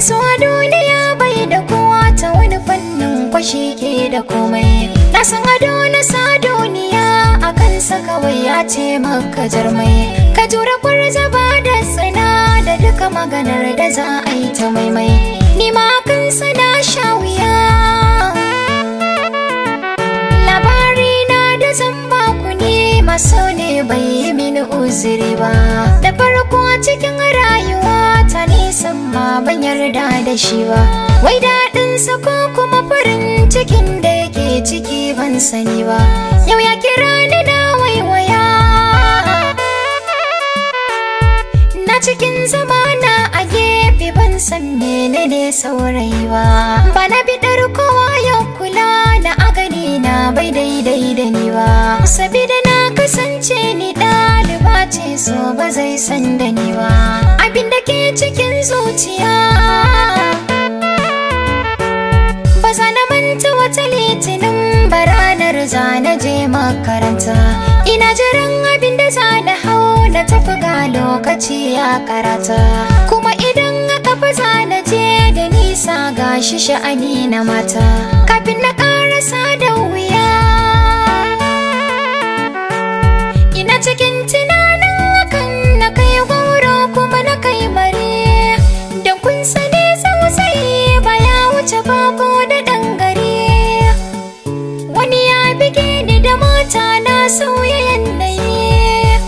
so a duniya bai da kowa ta wani fannin kwashe ke da komai na san ado na sa duniya a kansa kawai ya ce maka jarmai ka jura kwarza ba da tsina da duka maganar da za a yi ta maimai ni ma kansa na sha wuya labari na da zamba ku ne maso ne bai yi mini uziri ba da farko cikin rayuwa san ban yarda da shi ba wai sa ko kuma farin cikin da yake ciki ban sani ba yau ya kira ni na waiwaya na cikin zamana a gefe ban san mene ne saurayi ba ba na biɗar kowa yau kula na agani na bai daidai da ni ba sabida na kasance ni ɗaliba ce so ba zai san da ni ba abin da ke cikin zuciya ba na manta wata litinin baranar zana je makaranta ina jiran abin da zana hau na tafi ga lokaci ya karata kuma idan aka fi zana je da nisa ga shi sha'ani na mata kafin na karasa da wuya ina cikin sauya yanayi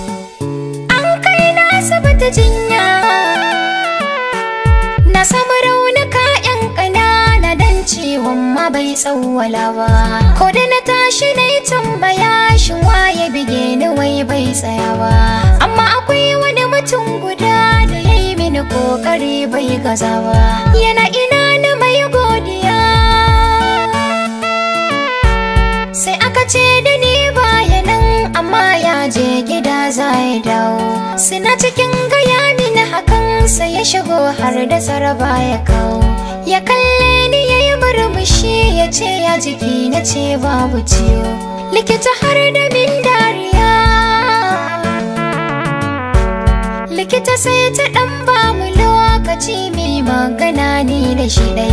an kai na asibiti jinya na samu raunuka yan ƙanana don ciwon ma bai tsawwala ba ko da na tashi na yi tambaya shi waye bige ni wai bai tsaya ba amma akwai wani mutum guda da ya yi mini ƙoƙari bai gaza ba yana ina na mai godiya sai aka ce da ni shigo har da saraba ya kawo ya kalle ni ya yi murmushi ya ce ya jiki na ce babu ciwo likita har da min dariya likita sai ta dan bamu lokaci mai magana ni da shi dai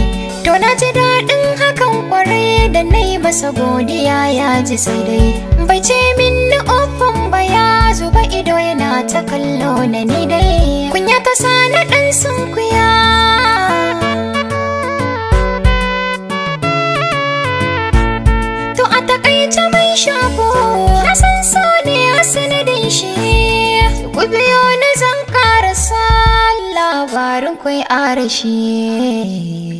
to na ji daɗin hakan kwarai da na yi masa godiya ya ji sai dai bai ce min na ofan ba ya zuba ido yana ta kallo na ni. sun shafo na san so ne a sanadin shi ku biyo ni zan karasa labarin kwai arashi